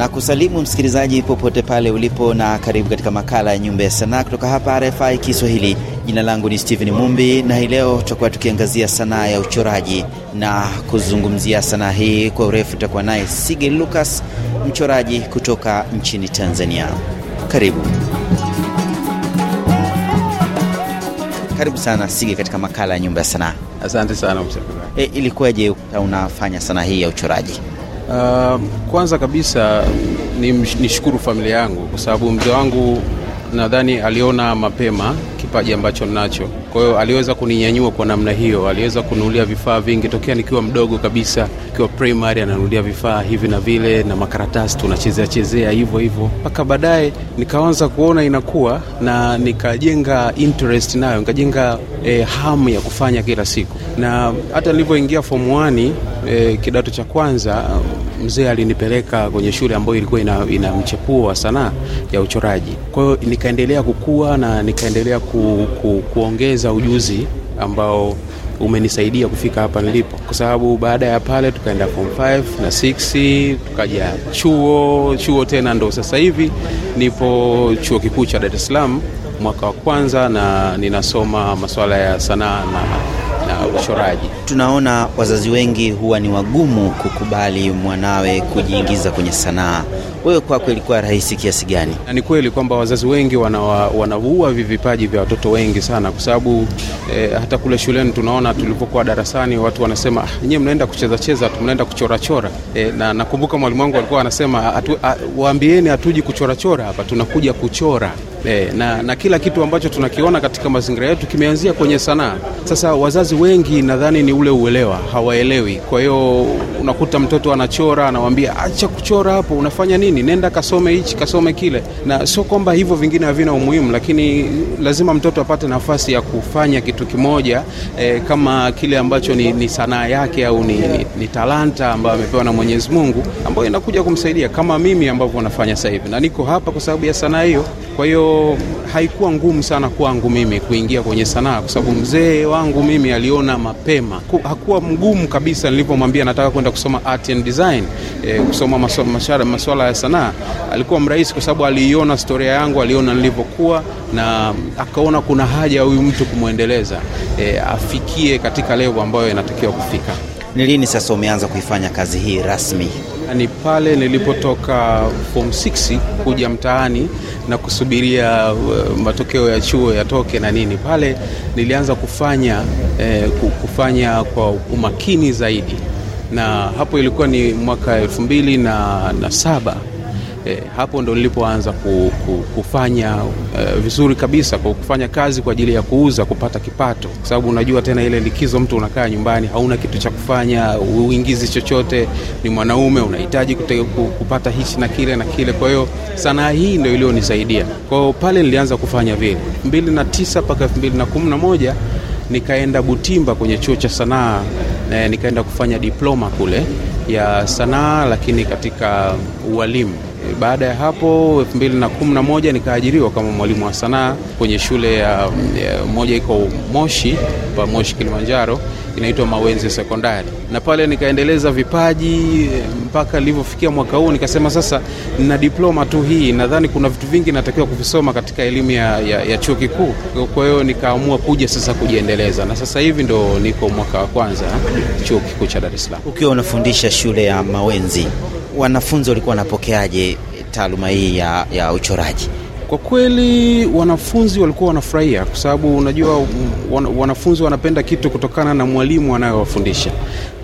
na kusalimu msikilizaji popote pale ulipo, na karibu katika makala ya Nyumba ya Sanaa kutoka hapa RFI Kiswahili. Jina langu ni stephen Mumbi, na hii leo tutakuwa tukiangazia sanaa ya uchoraji na kuzungumzia sanaa hii kwa urefu. utakuwa naye Sige Lucas, mchoraji kutoka nchini Tanzania. Karibu. Karibu sana Sige katika makala ya nyumba ya sanaa. Asante sana E, ilikuwaje unafanya sanaa hii ya uchoraji? Uh, kwanza kabisa nishukuru ni familia yangu kwa sababu mzee wangu nadhani aliona mapema kipaji ambacho nacho Kwa hiyo aliweza kuninyanyua kwa namna hiyo, aliweza kununulia vifaa vingi tokea nikiwa mdogo kabisa, nikiwa primary ananulia vifaa hivi na vile na makaratasi tunachezea chezea hivyo hivyo, mpaka baadaye nikaanza kuona inakuwa na nikajenga interest nayo, nikajenga eh, hamu ya kufanya kila siku, na hata nilivyoingia form 1 eh, kidato cha kwanza mzee alinipeleka kwenye shule ambayo ilikuwa ina, ina mchepuo wa sanaa ya uchoraji. Kwa hiyo nikaendelea kukua na nikaendelea ku, ku, kuongeza ujuzi ambao umenisaidia kufika hapa nilipo, kwa sababu baada ya pale tukaenda form 5 na 6 tukaja chuo. Chuo tena ndo sasa hivi nipo chuo kikuu cha Dar es Salaam mwaka wa kwanza, na ninasoma masuala ya sanaa na uchoraji. Tunaona wazazi wengi huwa ni wagumu kukubali mwanawe kujiingiza kwenye sanaa wewe kwako ilikuwa rahisi kiasi gani? Na ni kweli kwamba wazazi wengi wanaua wana vivipaji vya watoto wengi sana, kwa sababu eh, hata kule shuleni tunaona tulipokuwa darasani watu wanasema ah, nyie mnaenda kucheza cheza tu, mnaenda kuchorachora eh, na nakumbuka mwalimu wangu alikuwa anasema atu, a, waambieni hatuji kuchorachora hapa, tunakuja kuchora E, na, na kila kitu ambacho tunakiona katika mazingira yetu kimeanzia kwenye sanaa. Sasa wazazi wengi nadhani ni ule uelewa, hawaelewi. Kwa hiyo unakuta mtoto anachora, anawambia acha kuchora hapo, unafanya nini? nini, nenda kasome hichi, kasome kile, na sio kwamba hivyo vingine havina umuhimu, lakini lazima mtoto apate nafasi ya kufanya kitu kimoja eh, kama kile ambacho ni, ni sanaa yake au ni, ni, ni talanta ambayo amepewa na Mwenyezi Mungu ambayo inakuja kumsaidia kama mimi ambavyo nafanya sasa hivi, na niko hapa kwa sababu ya sanaa hiyo. Kwa hiyo haikuwa ngumu sana kwangu mimi kuingia kwenye sanaa, kwa sababu mzee wangu mimi aliona mapema, hakuwa mgumu kabisa. Nilipomwambia nataka kwenda kusoma art and design e, kusoma maswala, maso, ya sanaa, alikuwa mrahisi kwa sababu aliiona historia yangu, aliona nilivyokuwa, na akaona kuna haja ya huyu mtu kumwendeleza e, afikie katika levo ambayo inatakiwa kufika. Ni lini sasa umeanza kuifanya kazi hii rasmi? ni pale nilipotoka form 6 kuja mtaani na kusubiria uh, matokeo ya chuo yatoke na nini. Pale nilianza kufanya eh, kufanya kwa umakini zaidi, na hapo ilikuwa ni mwaka elfu mbili na, na saba E, hapo ndo nilipoanza ku, ku, kufanya e, vizuri kabisa kwa kufanya kazi kwa ajili ya kuuza kupata kipato, kwa sababu unajua tena ile likizo, mtu unakaa nyumbani, hauna kitu cha kufanya, uingizi chochote, ni mwanaume, unahitaji kupata hichi na kile na kile. Kwa hiyo sanaa hii ndio iliyonisaidia kwao, pale nilianza kufanya vile 2009 mpaka 2011 nikaenda Butimba kwenye chuo cha sanaa e, nikaenda kufanya diploma kule ya sanaa, lakini katika ualimu Eh, baada ya hapo 2011 nikaajiriwa kama mwalimu wa sanaa kwenye shule ya moja iko Moshi pa Moshi Kilimanjaro, inaitwa Mawenzi Sekondari, na pale nikaendeleza vipaji eh, mpaka nilivyofikia mwaka huu. Nikasema sasa na diploma tu hii, nadhani kuna vitu vingi natakiwa kuvisoma katika elimu ya, ya, ya chuo kikuu. Kwa hiyo nikaamua kuja sasa kujiendeleza, na sasa hivi ndo niko mwaka wa kwanza eh, chuo kikuu cha Dar es Salaam, ukiwa unafundisha shule ya Mawenzi wanafunzi walikuwa wanapokeaje taaluma hii ya, ya uchoraji? Kwa kweli wanafunzi walikuwa wanafurahia, kwa sababu unajua wanafunzi wanapenda kitu kutokana na mwalimu anayowafundisha.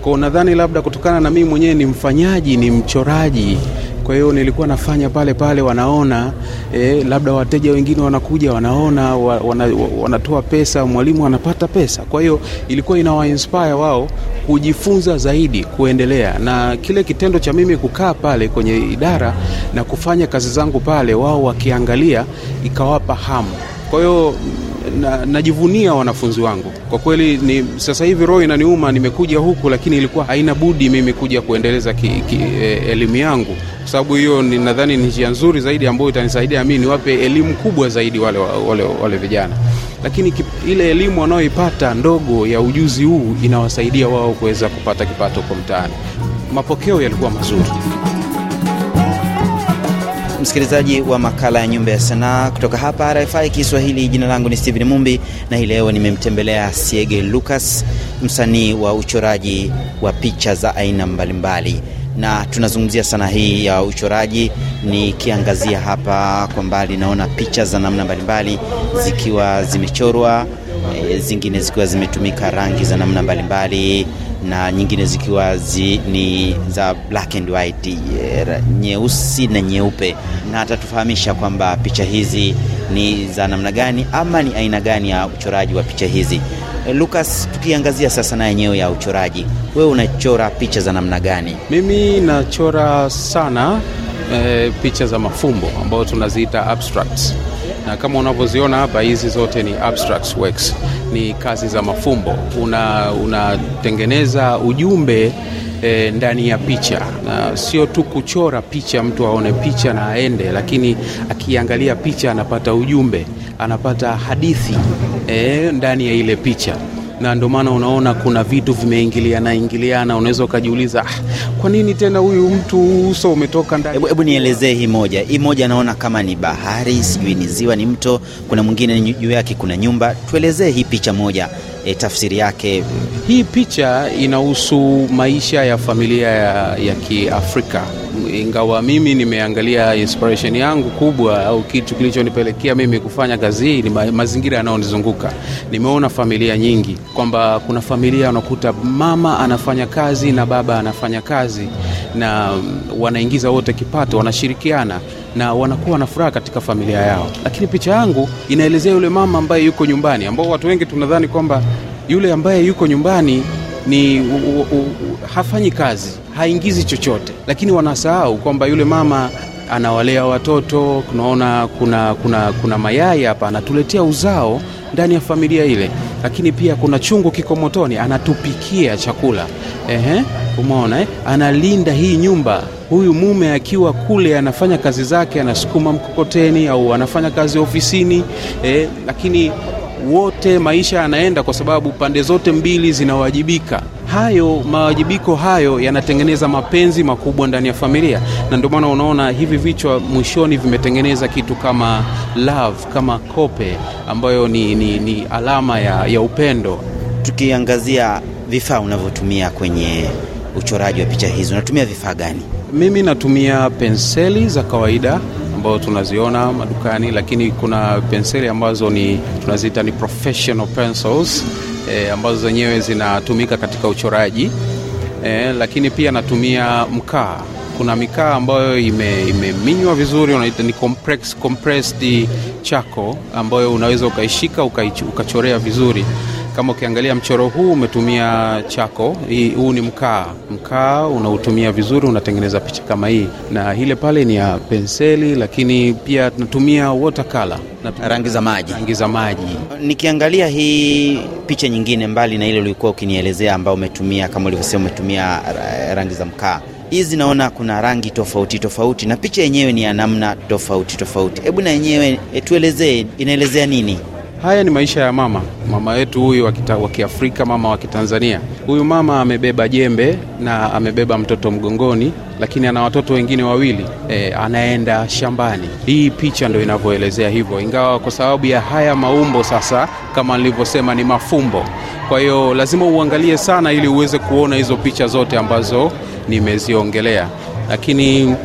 Kwa nadhani labda kutokana na mimi mwenyewe ni mfanyaji, ni mchoraji kwa hiyo nilikuwa nafanya pale pale, wanaona eh, labda wateja wengine wanakuja wanaona wa, wana, wanatoa pesa, mwalimu anapata pesa. Kwa hiyo ilikuwa inawa inspire wao kujifunza zaidi, kuendelea na kile kitendo cha mimi kukaa pale kwenye idara na kufanya kazi zangu pale, wao wakiangalia, ikawapa hamu. Kwa hiyo na, najivunia wanafunzi wangu kwa kweli. Ni sasa hivi roho inaniuma, nimekuja huku, lakini ilikuwa haina budi mimi kuja kuendeleza ki, ki, e, elimu yangu, kwa sababu hiyo nadhani ni njia nzuri zaidi ambayo itanisaidia mii niwape elimu kubwa zaidi wale, wale, wale vijana lakini ile elimu wanayoipata ndogo ya ujuzi huu inawasaidia wao kuweza kupata kipato kwa mtaani. Mapokeo yalikuwa mazuri msikilizaji wa makala ya Nyumba ya Sanaa kutoka hapa RFI Kiswahili. Jina langu ni stephen Mumbi na hii leo nimemtembelea Siege Lucas, msanii wa uchoraji wa picha za aina mbalimbali na tunazungumzia sanaa hii ya uchoraji. Nikiangazia hapa kwa mbali, naona picha za namna mbalimbali zikiwa zimechorwa, e, zingine zikiwa zimetumika rangi za namna mbalimbali na nyingine zikiwa zi, ni za black and white, nyeusi na nyeupe, na atatufahamisha kwamba picha hizi ni za namna gani ama ni aina gani ya uchoraji wa picha hizi. Lucas, tukiangazia sasa na yenyewe ya uchoraji, wewe unachora picha za namna gani? Mimi nachora sana e, picha za mafumbo ambayo tunaziita abstracts, na kama unavyoziona hapa, hizi zote ni abstract works ni kazi za mafumbo, unatengeneza una ujumbe E, ndani ya picha na sio tu kuchora picha, mtu aone picha na aende, lakini akiangalia picha anapata ujumbe, anapata hadithi e, ndani ya ile picha na ndio maana unaona kuna vitu vimeingiliana ingiliana, unaweza ukajiuliza ah, kwa nini tena huyu mtu uso umetoka ndani. Hebu nielezee hii moja hii moja, naona kama ni bahari, sijui ni ziwa, ni mto, kuna mwingine juu yake kuna nyumba. Tuelezee hii picha moja e, tafsiri yake. Hii picha inahusu maisha ya familia ya, ya Kiafrika ingawa mimi nimeangalia inspiration yangu kubwa au kitu kilichonipelekea mimi kufanya kazi hii ni mazingira yanayonizunguka. Nimeona familia nyingi, kwamba kuna familia unakuta mama anafanya kazi na baba anafanya kazi, na wanaingiza wote kipato, wanashirikiana na wanakuwa na furaha katika familia yao. Lakini picha yangu inaelezea yule mama ambaye yuko nyumbani, ambao watu wengi tunadhani kwamba yule ambaye yuko nyumbani ni u, u, u, hafanyi kazi, haingizi chochote, lakini wanasahau kwamba yule mama anawalea watoto. Tunaona kuna, kuna, kuna mayai hapa, anatuletea uzao ndani ya familia ile lakini pia kuna chungu kiko motoni, anatupikia chakula ehe, umeona eh? Analinda hii nyumba huyu mume akiwa kule anafanya kazi zake, anasukuma mkokoteni au anafanya kazi ofisini eh, lakini wote maisha yanaenda, kwa sababu pande zote mbili zinawajibika. Hayo mawajibiko hayo yanatengeneza mapenzi makubwa ndani ya familia, na ndio maana unaona hivi vichwa mwishoni vimetengeneza kitu kama love, kama kope ambayo ni, ni, ni alama ya, ya upendo. Tukiangazia vifaa unavyotumia kwenye uchoraji wa picha hizi, unatumia vifaa gani? Mimi natumia penseli za kawaida ambazo tunaziona madukani, lakini kuna penseli ambazo ni tunaziita ni professional pencils e, ambazo zenyewe zinatumika katika uchoraji e, lakini pia natumia mkaa. Kuna mikaa ambayo imeminywa ime vizuri, unaita ni complex compressed chako ambayo unaweza ukaishika ukachorea vizuri kama ukiangalia mchoro huu umetumia chako hii, huu ni mkaa. Mkaa unautumia vizuri, unatengeneza picha kama hii, na ile pale ni ya penseli, lakini pia tunatumia watercolor rangi za maji, rangi za maji. Nikiangalia hii picha nyingine mbali na ile ulikuwa ukinielezea, ambayo umetumia kama ulivyosema, umetumia rangi za mkaa hizi naona kuna rangi tofauti tofauti na picha yenyewe ni ya namna tofauti tofauti. Hebu na yenyewe eh, tuelezee, inaelezea nini? Haya ni maisha ya mama mama wetu huyu wa Kiafrika, mama wa Kitanzania. Huyu mama amebeba jembe na amebeba mtoto mgongoni, lakini ana watoto wengine wawili e, anaenda shambani. Hii picha ndo inavyoelezea hivyo, ingawa kwa sababu ya haya maumbo sasa, kama nilivyosema, ni mafumbo. Kwa hiyo lazima uangalie sana ili uweze kuona hizo picha zote ambazo nimeziongelea, lakini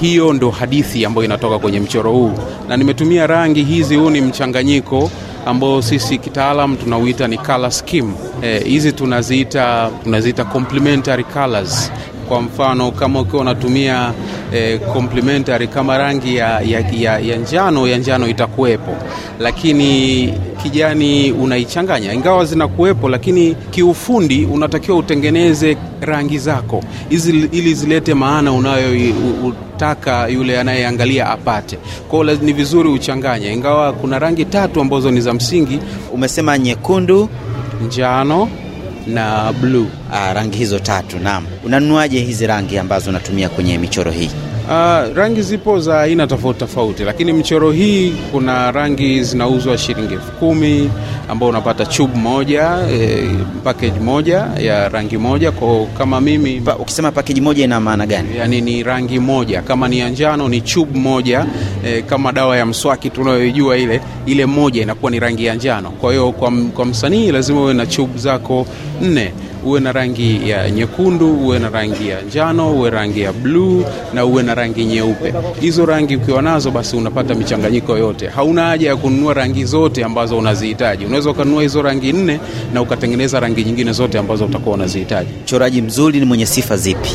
hiyo ndo hadithi ambayo inatoka kwenye mchoro huu, na nimetumia rangi hizi. Huu ni mchanganyiko ambayo sisi kitaalam tunauita ni color scheme. Eh, hizi e, tunaziita tunaziita complementary colors kwa mfano kama ukiwa unatumia e, eh, complementary kama rangi ya, ya, ya, ya njano ya njano itakuwepo, lakini kijani unaichanganya, ingawa zinakuwepo, lakini kiufundi unatakiwa utengeneze rangi zako Izi, ili zilete maana taka yule anayeangalia apate. Kwa hiyo ni vizuri uchanganye, ingawa kuna rangi tatu ambazo ni za msingi. Umesema nyekundu, njano na bluu. Ah, rangi hizo tatu, naam. Unanunuaje hizi rangi ambazo unatumia kwenye michoro hii? Uh, rangi zipo za aina tofauti tofauti, lakini mchoro hii kuna rangi zinauzwa shilingi elfu kumi ambao unapata chub moja e, package moja ya rangi moja kwa kama mimi pa, ukisema package moja ina maana gani? Yani ni rangi moja, kama ni njano ni chub moja e, kama dawa ya mswaki tunayojua ile ile moja inakuwa ni rangi ya njano. Kwa hiyo kwa, kwa msanii lazima uwe na chub zako nne uwe na rangi ya nyekundu, uwe na rangi ya njano, uwe rangi ya bluu na uwe na rangi nyeupe. Hizo rangi ukiwa nazo, basi unapata michanganyiko yote. Hauna haja ya kununua rangi zote ambazo unazihitaji. Unaweza ukanunua hizo rangi nne na ukatengeneza rangi nyingine zote ambazo utakuwa unazihitaji. Mchoraji mzuri ni mwenye sifa zipi?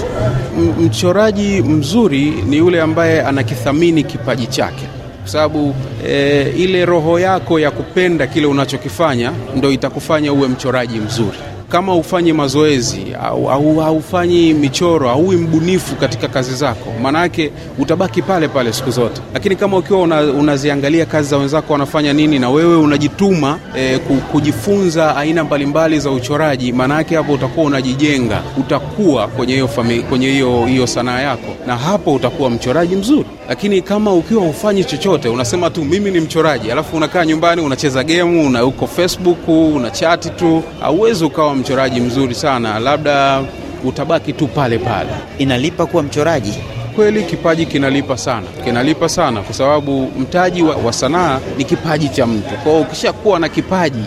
M mchoraji mzuri ni yule ambaye anakithamini kipaji chake kwa sababu e, ile roho yako ya kupenda kile unachokifanya ndo itakufanya uwe mchoraji mzuri kama ufanyi mazoezi au, au haufanyi michoro auwi mbunifu katika kazi zako, maanake utabaki pale pale siku zote. Lakini kama ukiwa una, unaziangalia kazi za wenzako wanafanya nini na wewe unajituma e, kujifunza aina mbalimbali za uchoraji, maanake hapo utakuwa unajijenga, utakuwa kwenye hiyo kwenye hiyo hiyo sanaa yako, na hapo utakuwa mchoraji mzuri. Lakini kama ukiwa ufanyi chochote, unasema tu mimi ni mchoraji, alafu unakaa nyumbani unacheza gemu, na uko Facebook una chati tu, hauwezi ukawa mchoraji mzuri sana, labda utabaki tu pale pale. Inalipa kuwa mchoraji? Kweli kipaji kinalipa sana, kinalipa sana kwa sababu mtaji wa, wa sanaa ni kipaji cha mtu. Kwa hiyo ukishakuwa na kipaji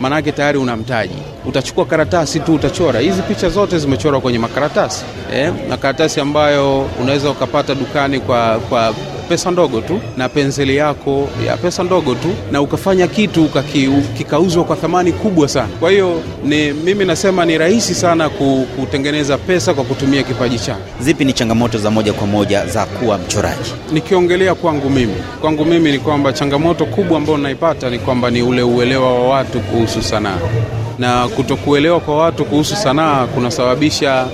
maanake tayari una mtaji. Utachukua karatasi tu utachora. Hizi picha zote zimechorwa kwenye makaratasi eh, na karatasi ambayo unaweza ukapata dukani kwa, kwa pesa ndogo tu na penseli yako ya pesa ndogo tu, na ukafanya kitu kikauzwa kwa thamani kubwa sana. Kwa hiyo ni mimi nasema ni rahisi sana kutengeneza pesa kwa kutumia kipaji chako. Zipi ni changamoto za moja kwa moja za kuwa mchoraji? Nikiongelea kwangu mimi, kwangu mimi ni kwamba changamoto kubwa ambayo naipata ni kwamba ni ule uelewa wa watu kuhusu sanaa, na kutokuelewa kwa watu kuhusu sanaa kunasababisha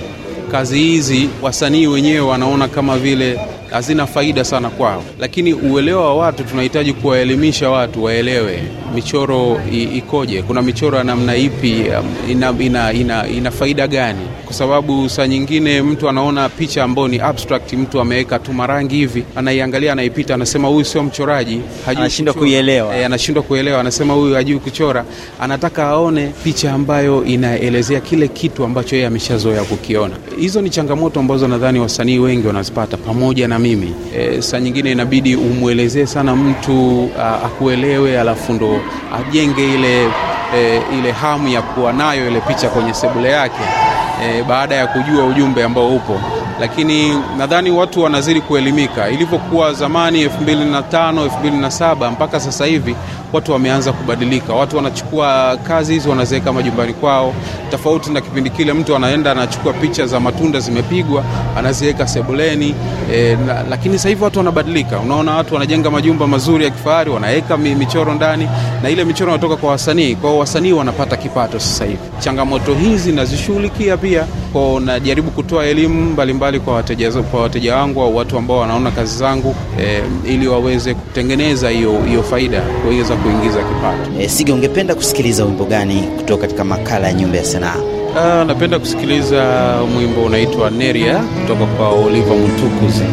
kazi hizi wasanii wenyewe wanaona kama vile hazina faida sana kwao, lakini uelewa wa watu tunahitaji kuwaelimisha watu waelewe michoro ikoje, kuna michoro ya namna ipi, um, ina, ina, ina, ina faida gani? Kwa sababu saa nyingine mtu anaona picha ambayo ni abstract, mtu ameweka tu marangi hivi, anaiangalia, anaipita, anasema huyu sio mchoraji, eh, anashindwa kuielewa e, anashindwa kuelewa, anasema huyu hajui kuchora. Anataka aone picha ambayo inaelezea kile kitu ambacho yeye ameshazoea kukiona. Hizo ni changamoto ambazo nadhani wasanii wengi wanazipata, pamoja na mimi e, saa nyingine inabidi umwelezee sana mtu a, akuelewe, alafu ndo ajenge ile E, ile hamu ya kuwa nayo ile picha kwenye sebule yake e, baada ya kujua ujumbe ambao upo, lakini nadhani watu wanazidi kuelimika. Ilivyokuwa zamani 2005 2007 mpaka sasa hivi, watu wameanza kubadilika, watu wanachukua kazi hizi wanaziweka majumbani kwao, tofauti na kipindi kile mtu anaenda anachukua picha za matunda zimepigwa anaziweka sebuleni e, na, lakini sasa hivi watu wanabadilika. Unaona watu wanajenga majumba mazuri ya kifahari, wanaweka michoro ndani, na ile michoro inatoka kwa wasanii, kwa hiyo wasanii wanapata kipato sasa hivi. Changamoto hizi nazishughulikia pia kwa, najaribu kutoa elimu mbalimbali kwa wateja, kwa wateja wangu au watu ambao wanaona kazi zangu e, ili waweze kutengeneza hiyo hiyo faida kuweza kuingiza kipato. E, Sige, ungependa kusikiliza wimbo gani kutoka katika makala ya Nyumba ya Sanaa? Uh, napenda kusikiliza mwimbo unaitwa Neria kutoka kwa Oliver Mutukuzi.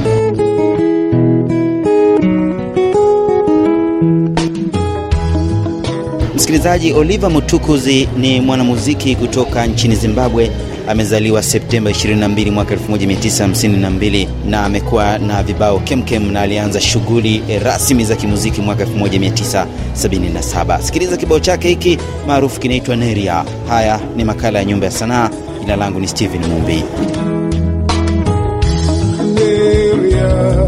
Msikilizaji, Oliver Mutukuzi ni mwanamuziki kutoka nchini Zimbabwe amezaliwa Septemba 22 mwaka 1952 na amekuwa na vibao kemkem na alianza shughuli eh, rasmi za kimuziki mwaka 1977. Sikiliza kibao chake hiki maarufu kinaitwa Neria. Haya ni makala ya Nyumba ya Sanaa. Jina langu ni Steven Mumbi. Neria.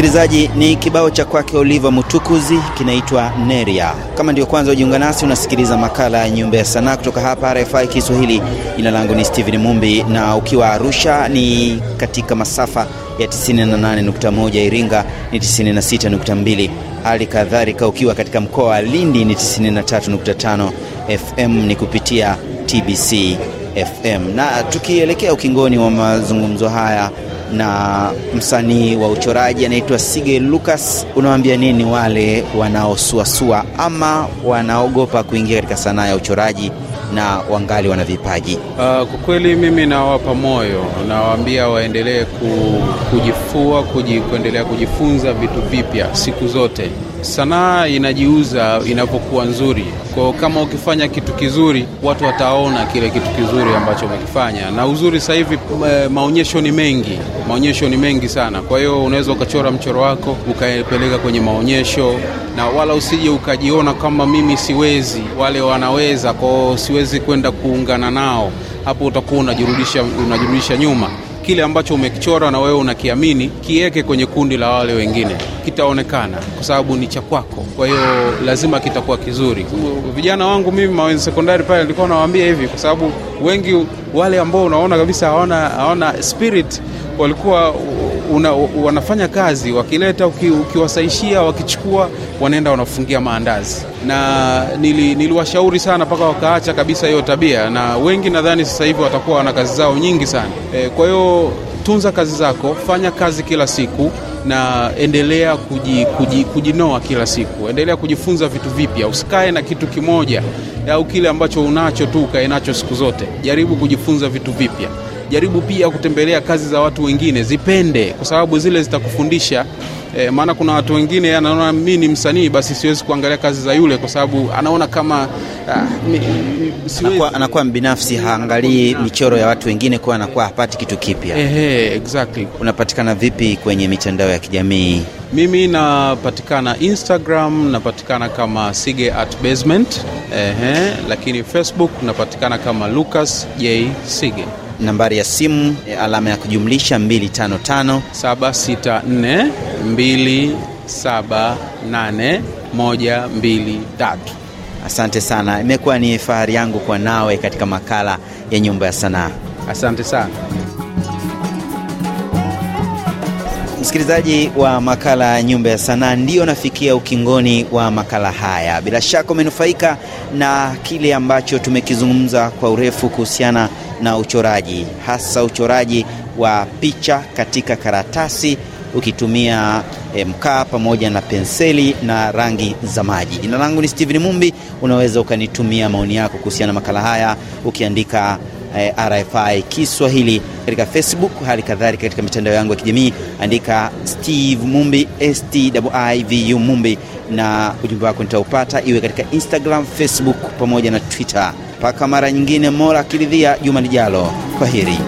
Msikilizaji, ni kibao cha kwake Oliva Mutukuzi kinaitwa Neria. Kama ndio kwanza ujiunga nasi, unasikiliza makala ya Nyumba ya Sanaa kutoka hapa RFI Kiswahili. Jina langu ni Steven Mumbi, na ukiwa Arusha ni katika masafa ya 98.1, Iringa ni 96.2, hali kadhalika ukiwa katika mkoa wa Lindi ni 93.5 FM ni kupitia TBC FM. Na tukielekea ukingoni wa mazungumzo haya na msanii wa uchoraji anaitwa Sige Lucas. Unawaambia nini wale wanaosuasua ama wanaogopa kuingia katika sanaa ya uchoraji na wangali wana vipaji? Uh, kwa kweli mimi nawapa moyo, nawaambia waendelee ku, kujifua kuji, kuendelea kujifunza vitu vipya siku zote. Sanaa inajiuza inapokuwa nzuri. ko kama ukifanya kitu kizuri, watu wataona kile kitu kizuri ambacho umekifanya. Na uzuri sasa hivi eh, maonyesho ni mengi, maonyesho ni mengi sana. Kwa hiyo unaweza ukachora mchoro wako ukaepeleka kwenye maonyesho, na wala usije ukajiona kama mimi siwezi, wale wanaweza, kwao siwezi kwenda kuungana nao. Hapo utakuwa unajirudisha, unajirudisha nyuma kile ambacho umekichora na wewe unakiamini, kiweke kwenye kundi la wale wengine, kitaonekana kwa sababu ni cha kwako. Kwa hiyo lazima kitakuwa kizuri. Vijana wangu mimi Maweni sekondari pale nilikuwa nawaambia hivi, kwa sababu wengi wale ambao unaona kabisa hawana spirit walikuwa una, wanafanya kazi wakileta, uki, ukiwasaishia wakichukua, wanaenda wanafungia maandazi, na nili, niliwashauri sana mpaka wakaacha kabisa hiyo tabia, na wengi nadhani sasa hivi watakuwa wana kazi zao nyingi sana e, kwa hiyo tunza kazi zako, fanya kazi kila siku na endelea kuji, kuji, kujinoa kila siku, endelea kujifunza vitu vipya. Usikae na kitu kimoja au kile ambacho unacho tu ukae nacho siku zote. Jaribu kujifunza vitu vipya jaribu pia kutembelea kazi za watu wengine, zipende kwa sababu zile zitakufundisha. E, maana kuna watu wengine anaona mimi ni msanii basi siwezi kuangalia kazi za yule kwa sababu anaona kama ah, anakuwa, mbinafsi, haangalii michoro ya watu wengine, kwa anakuwa hapati kitu kipya. Ehe, exactly. Unapatikana vipi kwenye mitandao ya kijamii? Mimi napatikana Instagram, napatikana kama Sige at Basement. Ehe, lakini Facebook napatikana kama Lucas J Sige nambari ya simu eh, alama ya kujumlisha 255 764 Asante sana, imekuwa ni fahari yangu kwa nawe katika makala ya Nyumba ya Sanaa. Asante sana msikilizaji wa makala ya Nyumba ya Sanaa, ndiyo nafikia ukingoni wa makala haya. Bila shaka umenufaika na kile ambacho tumekizungumza kwa urefu kuhusiana na uchoraji, hasa uchoraji wa picha katika karatasi ukitumia e, mkaa pamoja na penseli na rangi za maji. Jina langu ni stephen Mumbi. Unaweza ukanitumia maoni yako kuhusiana na makala haya ukiandika e, eh, RFI Kiswahili katika Facebook, hali kadhalika katika mitandao yangu ya kijamii, andika Steve Mumbi, Stivu Mumbi, na ujumbe wako nitaupata, iwe katika Instagram, Facebook pamoja na Twitter mpaka mara nyingine, Mola akiridhia juma lijalo. kwa heri